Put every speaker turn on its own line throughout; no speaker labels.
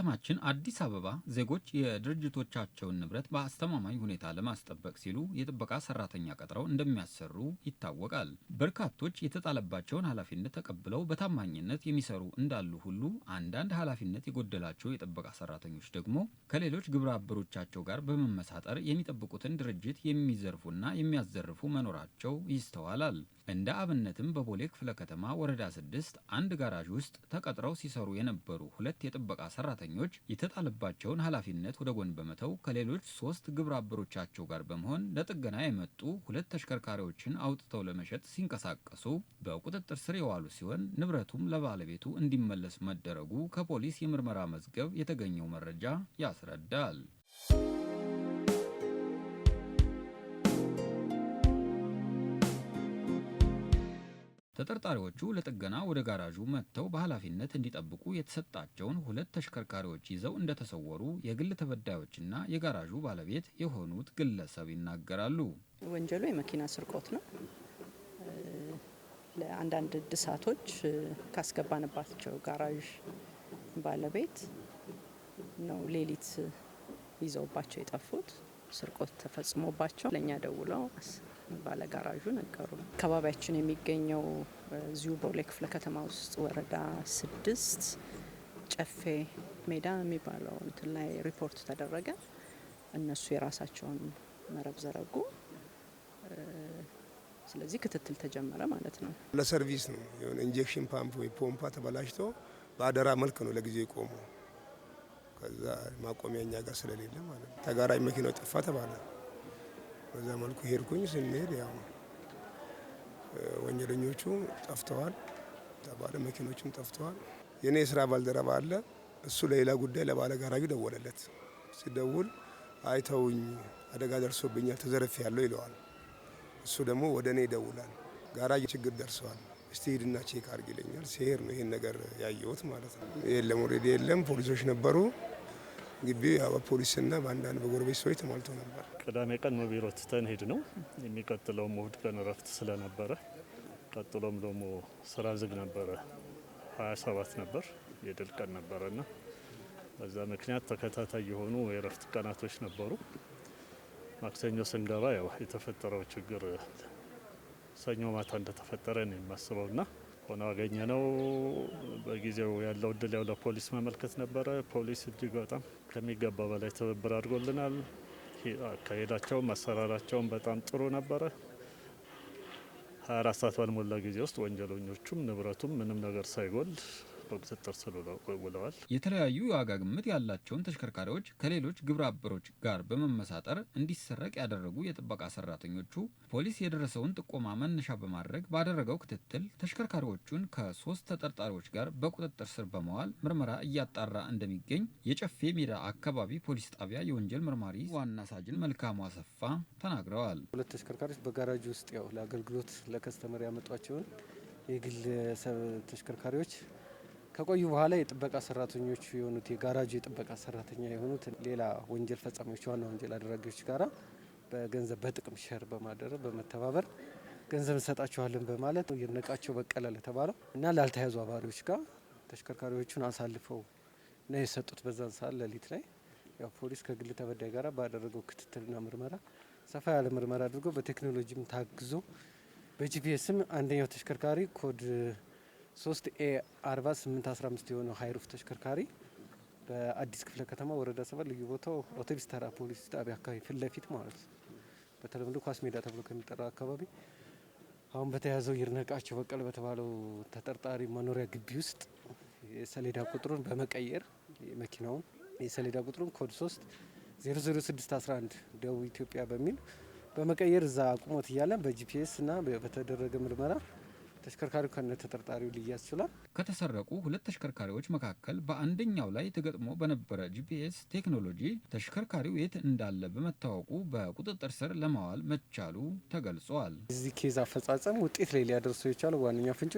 በከተማችን አዲስ አበባ ዜጎች የድርጅቶቻቸውን ንብረት በአስተማማኝ ሁኔታ ለማስጠበቅ ሲሉ የጥበቃ ሰራተኛ ቀጥረው እንደሚያሰሩ ይታወቃል። በርካቶች የተጣለባቸውን ኃላፊነት ተቀብለው በታማኝነት የሚሰሩ እንዳሉ ሁሉ አንዳንድ ኃላፊነት የጎደላቸው የጥበቃ ሰራተኞች ደግሞ ከሌሎች ግብረ አበሮቻቸው ጋር በመመሳጠር የሚጠብቁትን ድርጅት የሚዘርፉና የሚያዘርፉ መኖራቸው ይስተዋላል። እንደ አብነትም በቦሌ ክፍለ ከተማ ወረዳ ስድስት አንድ ጋራዥ ውስጥ ተቀጥረው ሲሰሩ የነበሩ ሁለት የጥበቃ ሰራተኞች የተጣለባቸውን ኃላፊነት ወደ ጎን በመተው ከሌሎች ሶስት ግብረ አበሮቻቸው ጋር በመሆን ለጥገና የመጡ ሁለት ተሽከርካሪዎችን አውጥተው ለመሸጥ ሲንቀሳቀሱ በቁጥጥር ስር የዋሉ ሲሆን ንብረቱም ለባለቤቱ እንዲመለስ መደረጉ ከፖሊስ የምርመራ መዝገብ የተገኘው መረጃ ያስረዳል። ተጠርጣሪዎቹ ለጥገና ወደ ጋራዡ መጥተው በኃላፊነት እንዲጠብቁ የተሰጣቸውን ሁለት ተሽከርካሪዎች ይዘው እንደተሰወሩ የግል ተበዳዮችና የጋራዡ ባለቤት የሆኑት ግለሰብ ይናገራሉ።
ወንጀሉ የመኪና ስርቆት ነው። ለአንዳንድ እድሳቶች ካስገባንባቸው ጋራዥ ባለቤት ነው ሌሊት ይዘውባቸው የጠፉት። ስርቆት ተፈጽሞባቸው ለእኛ ደውለው ባለጋራዡ ነገሩ አካባቢያችን የሚገኘው እዚሁ ቦሌ ክፍለ ከተማ ውስጥ ወረዳ ስድስት ጨፌ ሜዳ የሚባለው እንትን ላይ ሪፖርት ተደረገ። እነሱ የራሳቸውን መረብ ዘረጉ። ስለዚህ ክትትል ተጀመረ ማለት ነው።
ለሰርቪስ ነው የሆነ ኢንጀክሽን ፓምፕ ወይ ፖምፓ ተበላሽቶ በአደራ መልክ ነው ለጊዜ የቆመው። ከዛ ማቆሚያ እኛ ጋር ስለሌለ ማለት ነው ተጋራጅ መኪናው ጠፋ ተባለ። በዛ መልኩ ሄድኩኝ። ስንሄድ ያው ወንጀለኞቹ ጠፍተዋል ተባለ፣ መኪኖችም ጠፍተዋል። የእኔ የስራ ባልደረባ አለ፣ እሱ ለሌላ ጉዳይ ለባለ ጋራጁ ደወለለት። ሲደውል አይተውኝ አደጋ ደርሶብኛል ተዘረፍ ያለው ይለዋል። እሱ ደግሞ ወደ እኔ ይደውላል። ጋራጅ ችግር ደርሰዋል እስቲ ሂድና ቼክ አድርግ ይለኛል። ሲሄድ ነው ይሄን ነገር ያየሁት ማለት ነው። የለም ኦልሬዲ የለም ፖሊሶች ነበሩ። ግቢው በፖሊስና በአንዳንድ በጎረቤት ሰዎች ተሟልቶ ነበር።
ቅዳሜ ቀን ነው ቢሮ ትተን ሄድ ነው። የሚቀጥለውም እሁድ ቀን እረፍት ስለነበረ ቀጥሎም ደግሞ ስራ ዝግ ነበረ። ሀያ ሰባት ነበር የድል ቀን ና በዛ ምክንያት ተከታታይ የሆኑ የእረፍት ቀናቶች ነበሩ። ማክሰኞ ስንገባ ያው የተፈጠረው ችግር ሰኞ ማታ እንደተፈጠረ ነው ና ሆኖ አገኘ ነው። በጊዜው ያለው እድል ያው ለፖሊስ መመልከት ነበረ። ፖሊስ እጅግ በጣም ከሚገባ በላይ ትብብር አድርጎልናል። አካሄዳቸውም አሰራራቸውም በጣም ጥሩ ነበረ። 24 ሰዓት ባልሞላ ጊዜ ውስጥ ወንጀለኞቹም ንብረቱም ምንም ነገር ሳይጎል በቁጥጥር ስር ውለዋል።
የተለያዩ የዋጋ ግምት ያላቸውን ተሽከርካሪዎች ከሌሎች ግብረ አበሮች ጋር በመመሳጠር እንዲሰረቅ ያደረጉ የጥበቃ ሰራተኞቹ ፖሊስ የደረሰውን ጥቆማ መነሻ በማድረግ ባደረገው ክትትል ተሽከርካሪዎቹን ከሶስት ተጠርጣሪዎች ጋር በቁጥጥር ስር በመዋል ምርመራ እያጣራ እንደሚገኝ የጨፌ ሜዳ አካባቢ ፖሊስ ጣቢያ የወንጀል መርማሪ ዋና ሳጅን መልካሙ አሰፋ ተናግረዋል።
ሁለት ተሽከርካሪዎች በጋራጅ ውስጥ ያው ለአገልግሎት ለከስተመር ያመጧቸውን የግል ተሽከርካሪዎች ከቆዩ በኋላ የጥበቃ ሰራተኞቹ የሆኑት የጋራጁ የጥበቃ ሰራተኛ የሆኑት ሌላ ወንጀል ፈጻሚዎች ዋና ወንጀል አድራጊዎች ጋራ በገንዘብ በጥቅም ሸር በማደረግ በመተባበር ገንዘብ እንሰጣቸዋለን በማለት ይድነቃቸው በቀለ ለተባለው እና ላልተያዙ አባሪዎች ጋር ተሽከርካሪዎቹን አሳልፈው ነው የሰጡት። በዛን ሰዓት ሌሊት ላይ ያው ፖሊስ ከግል ተበዳይ ጋር ባደረገው ክትትልና ምርመራ ሰፋ ያለ ምርመራ አድርጎ በቴክኖሎጂም ታግዞ በጂፒኤስም አንደኛው ተሽከርካሪ ኮድ ሶስት ኤ 4815 የሆነው ሀይሩፍ ተሽከርካሪ በአዲስ ክፍለ ከተማ ወረዳ ሰባት ልዩ ቦታው አውቶቢስ ተራ ፖሊስ ጣቢያ አካባቢ ፊት ለፊት ማለት ነው በተለምዶ ኳስ ሜዳ ተብሎ ከሚጠራው አካባቢ አሁን በተያዘው ይርነቃቸው በቀል በተባለው ተጠርጣሪ መኖሪያ ግቢ ውስጥ የሰሌዳ ቁጥሩን በመቀየር የመኪናውን የሰሌዳ ቁጥሩን ኮድ 3 00611 ደቡብ ኢትዮጵያ በሚል በመቀየር እዛ አቁሞት እያለን በጂፒኤስ እና በተደረገ ምርመራ ተሽከርካሪው ከነ ተጠርጣሪው ሊያዝ ችሏል።
ከተሰረቁ ሁለት ተሽከርካሪዎች መካከል በአንደኛው ላይ ተገጥሞ በነበረ ጂፒኤስ ቴክኖሎጂ ተሽከርካሪው የት እንዳለ በመታወቁ በቁጥጥር ስር ለማዋል መቻሉ ተገልጿል።
እዚህ ኬዝ አፈጻጸም ውጤት ላይ ሊያደርሰው የቻለው ዋነኛው ፍንጭ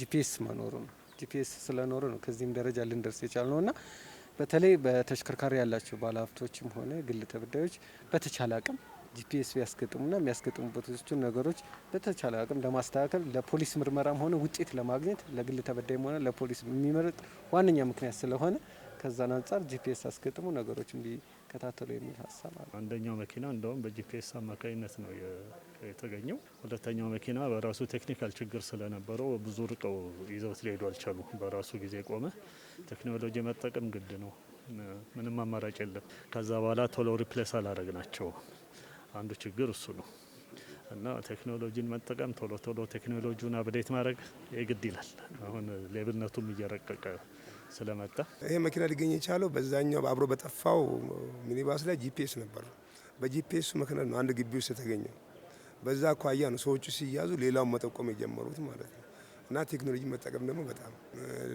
ጂፒኤስ መኖሩ ነው። ጂፒኤስ ስለኖረ ነው ከዚህም ደረጃ ልንደርስ የቻል ነው እና በተለይ በተሽከርካሪ ያላቸው ባለሀብቶችም ሆነ ግል ተበዳዮች በተቻለ አቅም ጂፒኤስ ቢያስገጥሙና የሚያስገጥሙበት ነገሮች በተቻለ አቅም ለማስተካከል ለፖሊስ ምርመራም ሆነ ውጤት ለማግኘት ለግል ተበዳይም ሆነ ለፖሊስ የሚመረጥ ዋነኛ ምክንያት ስለሆነ ከዛን አንጻር ጂፒኤስ አስገጥሙ ነገሮች እንዲከታተሉ የሚል ሀሳብ አለ።
አንደኛው መኪና እንደውም በጂፒኤስ አማካኝነት ነው የተገኘው። ሁለተኛው መኪና በራሱ ቴክኒካል ችግር ስለነበረው ብዙ ርቀው ይዘውት ሊሄዱ አልቻሉ። በራሱ ጊዜ ቆመ። ቴክኖሎጂ መጠቀም ግድ ነው። ምንም አማራጭ የለም። ከዛ በኋላ ቶሎ ሪፕሌስ አላረግ ናቸው አንዱ ችግር እሱ ነው እና ቴክኖሎጂን መጠቀም ቶሎ ቶሎ ቴክኖሎጂውን አብዴት ማድረግ የግድ ይላል። አሁን ሌብነቱም እየረቀቀ ስለመጣ
ይሄ መኪና ሊገኝ የቻለው በዛኛው አብሮ በጠፋው ሚኒባስ ላይ ጂፒኤስ ነበር። በጂፒኤሱ ምክንያት ነው አንድ ግቢ ውስጥ የተገኘው። በዛ አኳያ ነው ሰዎቹ ሲያዙ ሌላውን መጠቆም የጀመሩት ማለት ነው። እና ቴክኖሎጂ መጠቀም ደግሞ በጣም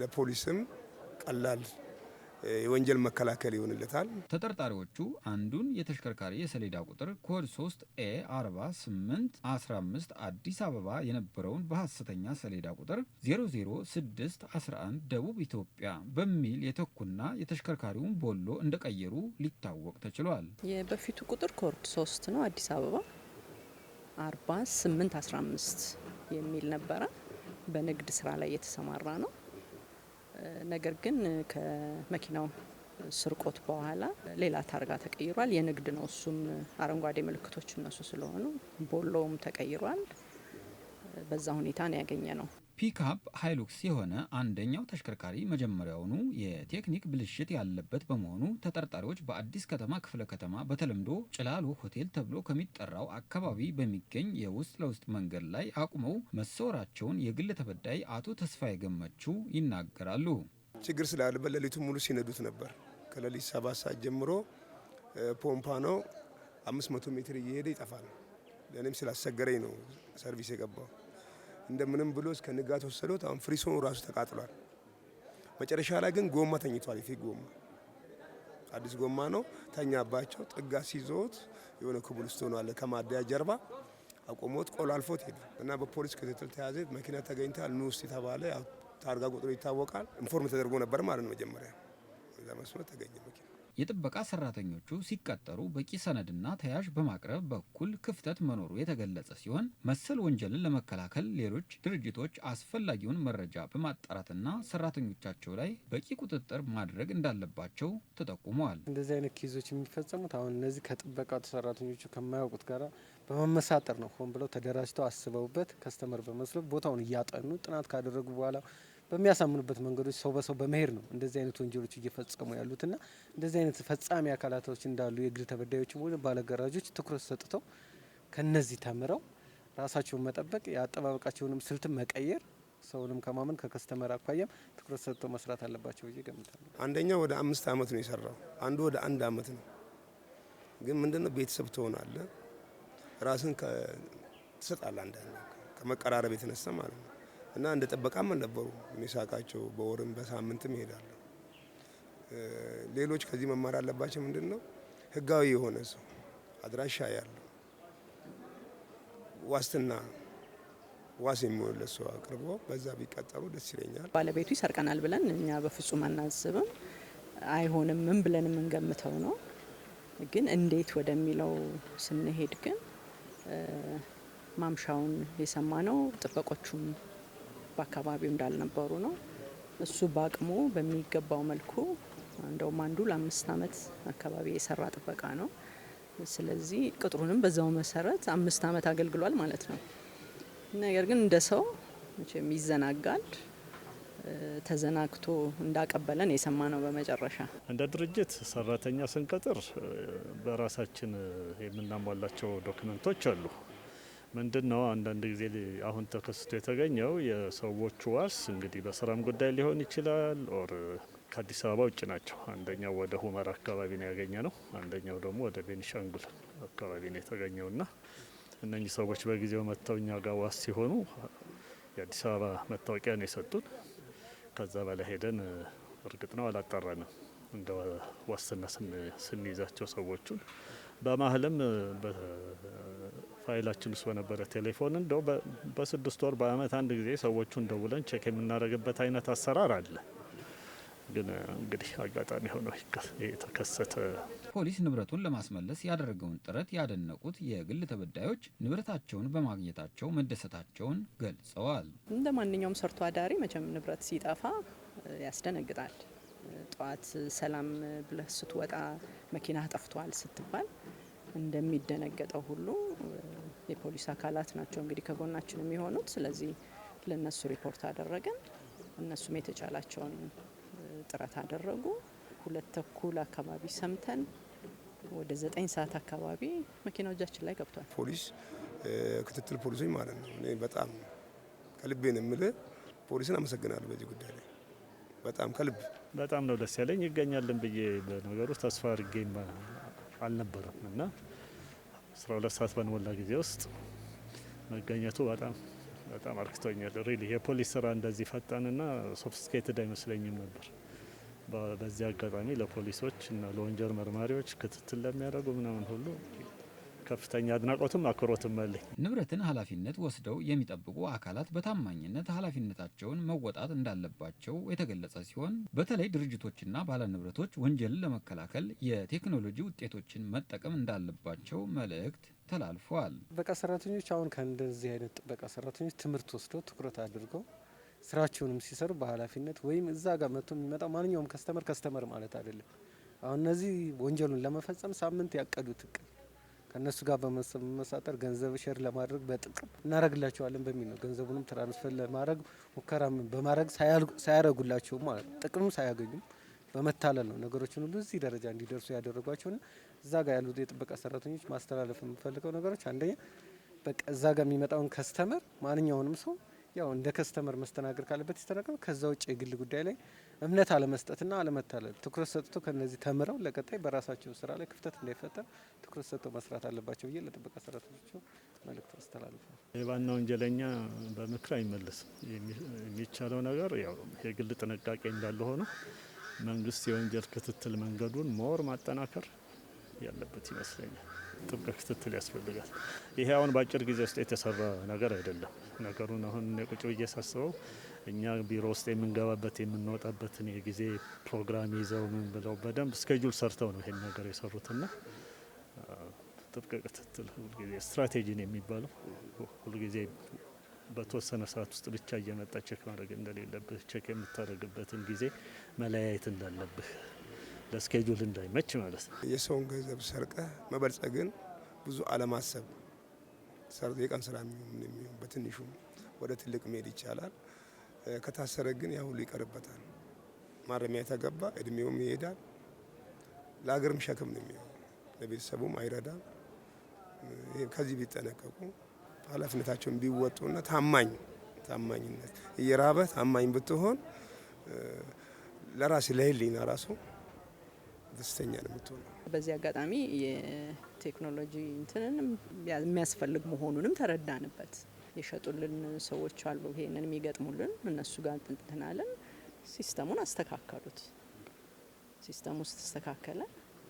ለፖሊስም ቀላል የወንጀል መከላከል ይሆንለታል።
ተጠርጣሪዎቹ አንዱን የተሽከርካሪ የሰሌዳ ቁጥር ኮድ 3 ኤ 48 15 አዲስ አበባ የነበረውን በሐሰተኛ ሰሌዳ ቁጥር 00611 ደቡብ ኢትዮጵያ በሚል የተኩና የተሽከርካሪውን ቦሎ እንደቀየሩ ሊታወቅ ተችሏል።
የበፊቱ ቁጥር ኮድ 3 ነው፣ አዲስ አበባ 4815 የሚል ነበረ። በንግድ ስራ ላይ የተሰማራ ነው። ነገር ግን ከመኪናው ስርቆት በኋላ ሌላ ታርጋ ተቀይሯል። የንግድ ነው። እሱም አረንጓዴ ምልክቶች እነሱ ስለሆኑ ቦሎውም ተቀይሯል። በዛ ሁኔታ ነው ያገኘ ነው።
ፒክአፕ ሃይሉክስ የሆነ አንደኛው ተሽከርካሪ መጀመሪያውኑ የቴክኒክ ብልሽት ያለበት በመሆኑ ተጠርጣሪዎች በአዲስ ከተማ ክፍለ ከተማ በተለምዶ ጭላሎ ሆቴል ተብሎ ከሚጠራው አካባቢ በሚገኝ የውስጥ ለውስጥ መንገድ ላይ አቁመው መሰወራቸውን የግል ተበዳይ አቶ ተስፋዬ ገመቹ ይናገራሉ።
ችግር ስላለ በሌሊቱ ሙሉ ሲነዱት ነበር። ከሌሊት ሰባት ሰዓት ጀምሮ ፖምፓ ነው አምስት መቶ ሜትር እየሄደ ይጠፋል። ለእኔም ስላስቸገረኝ ነው ሰርቪስ የገባው እንደምንም ብሎ እስከ ንጋት ወሰዱት። አሁን ፍሪሶኑ ራሱ ተቃጥሏል። መጨረሻ ላይ ግን ጎማ ተኝቷል። የፊት ጎማ አዲስ ጎማ ነው ተኛባቸው። ጥጋ ሲዞት የሆነ ውስጥ አለ ከማደያ ጀርባ አቆሞት ቆሎ አልፎት ሄዱ እና በፖሊስ ክትትል ተያዘ። መኪና ተገኝታል ንስ የተባለ ታርጋ ቁጥሩ ይታወቃል። ኢንፎርም ተደርጎ ነበር ማለት ነው። መጀመሪያ እዛ ተገኘ መኪና
የጥበቃ ሰራተኞቹ ሲቀጠሩ በቂ ሰነድና ተያዥ በማቅረብ በኩል ክፍተት መኖሩ የተገለጸ ሲሆን መሰል ወንጀልን ለመከላከል ሌሎች ድርጅቶች አስፈላጊውን መረጃ በማጣራትና ሰራተኞቻቸው ላይ በቂ ቁጥጥር ማድረግ እንዳለባቸው ተጠቁመዋል።
እንደዚህ አይነት ኬዞች የሚፈጸሙት አሁን እነዚህ ከጥበቃ ሰራተኞቹ ከማያውቁት ጋር በመመሳጠር ነው። ሆን ብለው ተደራጅተው አስበውበት ከስተመር በመስሎ ቦታውን እያጠኑ ጥናት ካደረጉ በኋላ በሚያሳምኑበት መንገዶች ሰው በሰው በመሄድ ነው እንደዚህ አይነት ወንጀሎች እየፈጸሙ ና እንደዚህ አይነት ፈጻሚ አካላቶች እንዳሉ የግል ተበዳዮች ሆነ ባለገራጆች ትኩረት ሰጥተው ከነዚህ ተምረው ራሳቸውን መጠበቅ የአጠባበቃቸውንም ስልት መቀየር ሰውንም ከማመን ከከስተመር አኳያም ትኩረት ሰጥተው መስራት አለባቸው ብዬ ገምታለሁ።
አንደኛው ወደ አምስት አመት ነው የሰራው፣ አንዱ ወደ አንድ አመት ነው። ግን ምንድነው ቤተሰብ ትሆናለ፣ ራስን ትሰጣለ፣ አንዳንድ ከመቀራረብ የተነሳ ማለት ነው። እና እንደ ጥበቃም አልነበሩ። እኔ ሳቃቸው በወርም በሳምንትም ይሄዳሉ። ሌሎች ከዚህ መማር አለባቸው። ምንድን ነው ህጋዊ የሆነ ሰው አድራሻ ያለው ዋስትና ዋስ የሚሆንለት ሰው አቅርቦ በዛ ቢቀጠሩ ደስ ይለኛል።
ባለቤቱ ይሰርቀናል ብለን እኛ በፍጹም አናስብም፣ አይሆንምም ብለን የምንገምተው ነው። ግን እንዴት ወደሚለው ስንሄድ ግን ማምሻውን የሰማ ነው ጥበቆቹም በአካባቢው እንዳልነበሩ ነው። እሱ በአቅሙ በሚገባው መልኩ እንደውም አንዱ ለአምስት ዓመት አካባቢ የሰራ ጥበቃ ነው። ስለዚህ ቅጥሩንም በዛው መሰረት አምስት ዓመት አገልግሏል ማለት ነው። ነገር ግን እንደ ሰው መቼም ይዘናጋል። ተዘናግቶ እንዳቀበለን የሰማ ነው። በመጨረሻ
እንደ ድርጅት ሰራተኛ ስንቀጥር በራሳችን የምናሟላቸው ዶክመንቶች አሉ። ምንድን ነው አንዳንድ ጊዜ አሁን ተከስቶ የተገኘው የሰዎቹ ዋስ እንግዲህ በስራም ጉዳይ ሊሆን ይችላል። ኦር ከአዲስ አበባ ውጭ ናቸው። አንደኛው ወደ ሁመር አካባቢ ነው ያገኘ ነው። አንደኛው ደግሞ ወደ ቤኒሻንጉል አካባቢ ነው የተገኘው እና እነኚህ ሰዎች በጊዜው መጥተው እኛ ጋር ዋስ ሲሆኑ የአዲስ አበባ መታወቂያ ነው የሰጡን። ከዛ በላይ ሄደን እርግጥ ነው አላጣራንም። እንደ ዋስትና ስንይዛቸው ሰዎቹን በማህልም ፋይላችን ውስጥ በነበረ ቴሌፎን እንደው በስድስት ወር በአመት አንድ ጊዜ ሰዎቹን ደውለን ቼክ የምናደርግበት አይነት አሰራር አለ። ግን እንግዲህ አጋጣሚ ሆኖ የተከሰተ።
ፖሊስ ንብረቱን ለማስመለስ ያደረገውን ጥረት ያደነቁት የግል ተበዳዮች ንብረታቸውን በማግኘታቸው መደሰታቸውን ገልጸዋል።
እንደ ማንኛውም ሰርቶ አዳሪ መቼም ንብረት ሲጠፋ ያስደነግጣል። ጠዋት ሰላም ብለህ ስትወጣ መኪና ጠፍቷል ስትባል እንደሚደነገጠው ሁሉ የፖሊስ አካላት ናቸው እንግዲህ ከጎናችን የሚሆኑት። ስለዚህ ለነሱ ሪፖርት አደረግን። እነሱም የተቻላቸውን ጥረት አደረጉ። ሁለት ተኩል አካባቢ ሰምተን ወደ ዘጠኝ ሰዓት አካባቢ መኪናው እጃችን ላይ ገብቷል። ፖሊስ ክትትል ፖሊሶች ማለት ነው። እኔ በጣም ከልቤ ነው የምልህ ፖሊስን አመሰግናለሁ በዚህ ጉዳይ ላይ በጣም ከልብ
በጣም ነው ደስ ያለኝ። ይገኛልን ብዬ በነገር ውስጥ ተስፋ አድርጌ አልነበረም እና 12 ሰዓት በንሞላ ጊዜ ውስጥ መገኘቱ በጣም በጣም አርክቶኛል። ሪሊ የፖሊስ ስራ እንደዚህ ፈጣንና ሶፍስኬትድ አይመስለኝም ነበር። በዚህ አጋጣሚ ለፖሊሶች እና ለወንጀል መርማሪዎች ክትትል ለሚያደርጉ ምናምን ሁሉ ከፍተኛ አድናቆትም አክብሮትም አለኝ።
ንብረትን ኃላፊነት ወስደው የሚጠብቁ አካላት በታማኝነት ኃላፊነታቸውን መወጣት እንዳለባቸው የተገለጸ ሲሆን በተለይ ድርጅቶችና ባለንብረቶች ወንጀልን ለመከላከል የቴክኖሎጂ ውጤቶችን መጠቀም እንዳለባቸው መልእክት ተላልፏል።
ጥበቃ ሰራተኞች አሁን ከእንደዚህ አይነት ጥበቃ ሰራተኞች ትምህርት ወስደው ትኩረት አድርገው ስራቸውንም ሲሰሩ በኃላፊነት ወይም እዛ ጋር መጥቶ የሚመጣው ማንኛውም ከስተመር ከስተመር ማለት አይደለም። አሁን እነዚህ ወንጀሉን ለመፈጸም ሳምንት ያቀዱት እቅድ ከእነሱ ጋር በመመሳጠር ገንዘብ ሸር ለማድረግ በጥቅም እናደረግላቸዋለን በሚል ነው። ገንዘቡንም ትራንስፈር ለማድረግ ሙከራ በማድረግ ሳያደረጉላቸውም ማለት ነው። ጥቅምም ሳያገኙም በመታለል ነው ነገሮችን ሁሉ እዚህ ደረጃ እንዲደርሱ ያደረጓቸውና እዛ ጋር ያሉት የጥበቃ ሰራተኞች ማስተላለፍ የምፈልገው ነገሮች አንደኛ በቃ እዛ ጋር የሚመጣውን ከስተመር ማንኛውንም ሰው ያው እንደ ከስተመር መስተናገድ ካለበት ይስተናገድ። ከዛ ውጭ የግል ጉዳይ ላይ እምነት አለመስጠትና አለመታለል ትኩረት ሰጥቶ ከነዚህ ተምረው ለቀጣይ በራሳቸው ስራ ላይ ክፍተት እንዳይፈጠር ትኩረት ሰጥቶ መስራት አለባቸው ብዬ ለጥበቃ ሰራተኞቸው መልእክት አስተላልፋል።
ሌባና ወንጀለኛ በምክር አይመለስም። የሚቻለው ነገር ያው የግል ጥንቃቄ እንዳለ ሆኖ መንግስት የወንጀል ክትትል መንገዱን ሞር ማጠናከር ያለበት ይመስለኛል። ጥብቅ ክትትል ያስፈልጋል። ይሄ አሁን በአጭር ጊዜ ውስጥ የተሰራ ነገር አይደለም። ነገሩን አሁን ቁጭ ብዬ ሳስበው እኛ ቢሮ ውስጥ የምንገባበት የምንወጣበትን የጊዜ ፕሮግራም ይዘው ምን ብለው በደንብ ስኬጁል ሰርተው ነው ይሄን ነገር የሰሩትና ጥብቅ ክትትል ሁልጊዜ ስትራቴጂን የሚባለው ሁልጊዜ በተወሰነ ሰዓት ውስጥ ብቻ እየመጣ ቼክ ማድረግ እንደሌለብህ ቼክ የምታደርግበትን ጊዜ መለያየት እንዳለብህ ለስኬጁል እንዳይመች ማለት ነው።
የሰውን ገንዘብ ሰርቀ መበልጸግን ብዙ አለማሰብ ሰር የቀን ስራ የሚሆን በትንሹ ወደ ትልቅ መሄድ ይቻላል። ከታሰረ ግን ያ ሁሉ ይቀርበታል። ማረሚያ የተገባ እድሜውም ይሄዳል። ለሀገርም ሸክም ነው የሚሆን፣ ለቤተሰቡም አይረዳም። ከዚህ ቢጠነቀቁ ኃላፊነታቸውን ቢወጡና ታማኝ ታማኝነት እየራበ ታማኝ ብትሆን ለራሴ ለህሊና ራሱ ደስተኛ ነው የምትሆነው።
በዚህ አጋጣሚ የቴክኖሎጂ እንትንንም የሚያስፈልግ መሆኑንም ተረዳንበት። የሸጡልን ሰዎች አሉ ይሄንን የሚገጥሙልን እነሱ ጋር ጥንትናለን። ሲስተሙን አስተካከሉት። ሲስተሙ ስተስተካከለ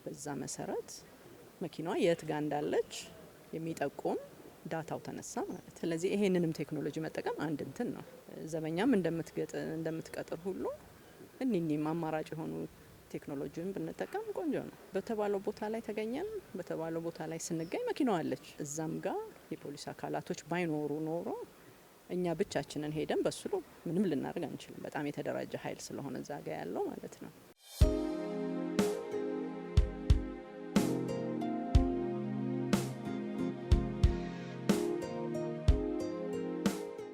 በዛ መሰረት መኪናዋ የት ጋር እንዳለች የሚጠቁም ዳታው ተነሳ ማለት። ስለዚህ ይሄንንም ቴክኖሎጂ መጠቀም አንድ እንትን ነው። ዘበኛም እንደምትቀጥር ሁሉ እኒኒም አማራጭ የሆኑ ቴክኖሎጂውን ብንጠቀም ቆንጆ ነው። በተባለው ቦታ ላይ ተገኘን። በተባለው ቦታ ላይ ስንገኝ መኪናው አለች። እዛም ጋር የፖሊስ አካላቶች ባይኖሩ ኖሮ እኛ ብቻችንን ሄደን በስሎ ምንም ልናደርግ አንችልም። በጣም የተደራጀ ኃይል ስለሆነ እዛ ጋ ያለው ማለት ነው።